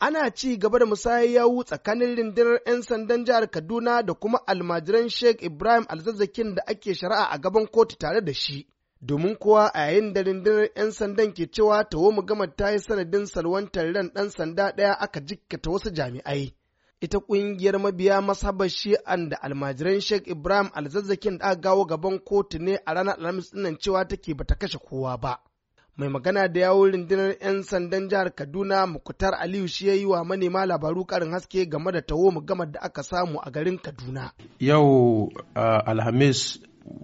ana ci gaba da musayar tsakanin rindirar 'yan sandan jihar Kaduna da kuma almajiran Sheikh Ibrahim alzazzakin da ake shari'a a gaban kotu tare da shi. Domin kuwa a yayin da rindirar 'yan sandan ke cewa tawo mu gama ta yi sanadin salwantar ran ɗan sanda ɗaya aka jikkata wasu jami'ai. Ita ƙungiyar mabiya masabar shi'an da almajiran Sheikh Ibrahim alzazzakin da aka gawo gaban kotu ne a ranar Alhamis ɗinnan cewa take bata kashe kowa ba. mai magana da yawon rundunar 'yan sandan jihar kaduna mukutar aliyu shi ya yi wa manema labaru karin haske game da tawo gama da aka samu a garin kaduna yau alhamis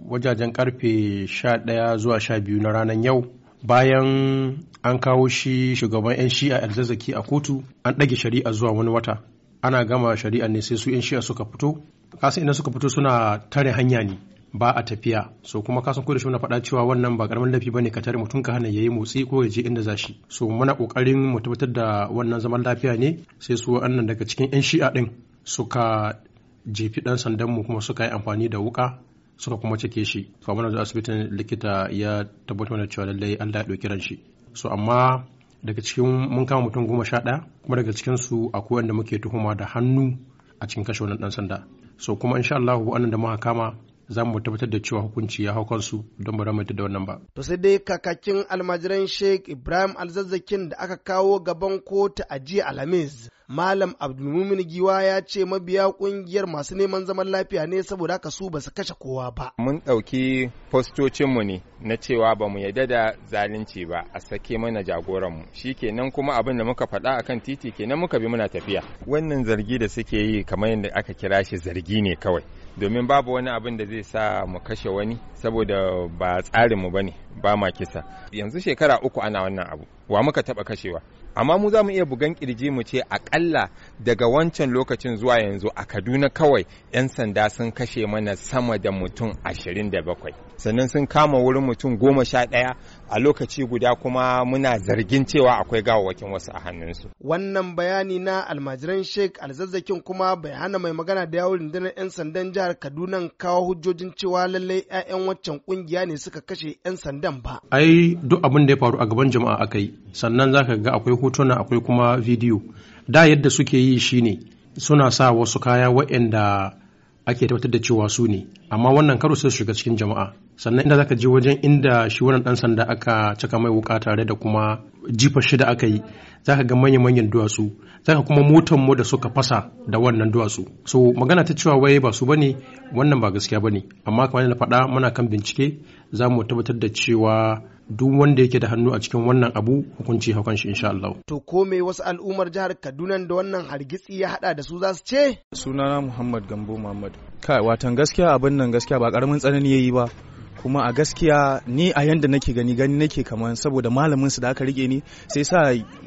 wajajen karfe 11 zuwa 12 na ranar yau bayan an kawo shi shugaban 'yan shi'a alzazzaki a kotu an ɗage shari'a zuwa wani wata ana gama shari'a ne sai su 'yan shi'a suka fito Kasu idan suka fito suna tare hanya ne ba a tafiya so kuma ka san ko da shi muna faɗa cewa wannan ba karamin laifi bane ka tare mutum ka hana yayi motsi ko ya je inda za shi so muna kokarin mu tabbatar da wannan zaman lafiya ne sai su wannan daga cikin yan shi'a din suka jefi dan sandan mu kuma suka yi amfani da wuka suka kuma cike shi to muna zuwa asibitin likita ya tabbatar da cewa lallai Allah ya dauki shi so amma daga cikin mun kama mutum goma sha ɗaya kuma daga cikin su akwai wanda muke tuhuma da hannu a cikin kashe wannan dan sanda so kuma insha Allah wannan da muka kama za mu tabbatar da cewa hukunci ya hau kansu don ba mu da wannan ba. To sai dai kakakin almajiran Sheikh Ibrahim Alzazzakin da aka kawo gaban kotu a jiya Alhamis. Malam Abdulmumin Giwa ya ce mabiya ƙungiyar masu neman zaman lafiya ne saboda haka su basu kashe kowa ba. Mun ɗauki fostocinmu ne na cewa ba mu yarda da zalunci ba a sake mana jagoranmu. Shi kenan kuma abin da muka faɗa akan titi kenan muka bi muna tafiya. Wannan zargi da suke yi kamar yadda aka kira shi zargi ne kawai. domin babu wani abin da zai sa mu kashe wani saboda ba tsarinmu ba ne ba ma kisa yanzu shekara uku ana wannan abu wa muka taɓa kashewa amma mu za mu iya bugan kirji mu ce akalla daga wancan lokacin zuwa yanzu a kaduna kawai 'yan sanda sun kashe mana sama da mutum 27 sannan sun kama wurin mutum 11 a lokaci guda kuma muna zargin cewa akwai gawawakin wasu a hannunsu wannan bayani na almajiran sheik alzazzakin kuma bai hana mai magana da yawon rundunar 'yan sandan jihar kaduna kawo hujjojin cewa lallai 'ya'yan waccan kungiya ne suka kashe 'yan sandan ba ai duk abin da ya faru a gaban jama'a aka yi sannan za ka ga akwai hotuna akwai kuma bidiyo da yadda suke yi shine suna sa wasu kaya waɗanda ake tabbatar da cewa su ne amma wannan karo sai su shiga cikin jama'a sannan inda zaka je wajen inda shi wannan dan sanda aka caka mai wuka tare da kuma jifa shi da aka yi zaka ga manyan manyan duwatsu zaka kuma motan mu da suka fasa da wannan duwatsu so magana ta cewa wai ba su bane wannan ba gaskiya bane amma kamar na faɗa muna kan bincike za mu tabbatar da cewa duk wanda yake da hannu a cikin wannan abu hukunci hakan shi insha Allah. To ko me wasu al'ummar jihar Kaduna da wannan hargitsi ya hada da su za su ce? Sunana Muhammad Gambo Muhammad. Kai watan gaskiya abin nan gaskiya ba karamin tsanani yayi ba. kuma a gaskiya ni a yanda nake gani gani nake kamar saboda malamin su da aka rike ni sai sa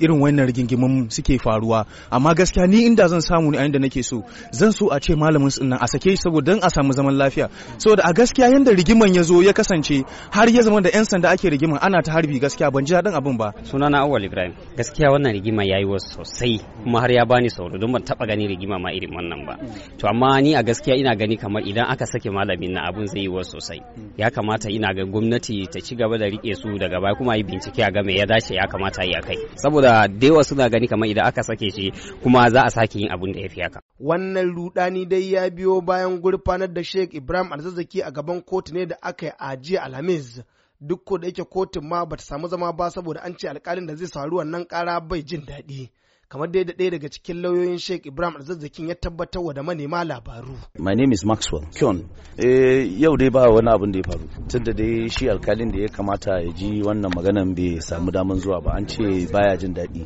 irin wannan rigingimin suke faruwa amma gaskiya ni inda zan samu ni a yanda nake so zan so a ce malamin su nan a sake shi saboda dan a samu zaman lafiya saboda a gaskiya yanda rigiman ya zo ya kasance har ya zama da yan sanda ake rigiman ana ta harbi gaskiya ban ji daɗin abin ba sunana awwal ibrahim gaskiya wannan rigima yayi wasu sosai kuma har ya bani sauro don ban taba gani rigima ma irin wannan ba to amma ni a gaskiya ina gani kamar idan aka sake malamin na abun zai yi wasu sosai ya kamata ina ga gwamnati ta ci gaba da rike su daga baya kuma yi bincike a game ya dace ya kamata yi kai saboda da yawa suna gani kamar idan aka sake shi kuma za a sake yin abun da ya fi haka wannan rudani dai ya biyo bayan gurfanar da Sheikh Ibrahim Alzazzaki a gaban kotu ne da aka yi a jiya Alhamis duk ko da yake kotun ma bata samu zama ba saboda an ce alkalin da zai saru wannan kara bai jin daɗi kamar dai ɗaya daga cikin lauyoyin Sheikh Ibrahim Arzazzakin ya tabbatar wa da manema labaru. My name is Maxwell Kyon. Eh, yau dai ba wani abin da ya faru. Tunda dai shi alkalin da ya kamata ya ji wannan maganan bai samu daman zuwa ba an ce baya jin daɗi.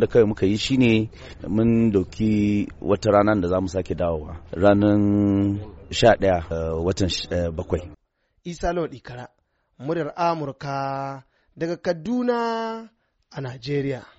da kawai muka yi shine mun dauki wata ranar da za mu sake dawowa ranar 11 eh, watan eh, bakwai. isa lord ikara muryar amurka daga kaduna a najeriya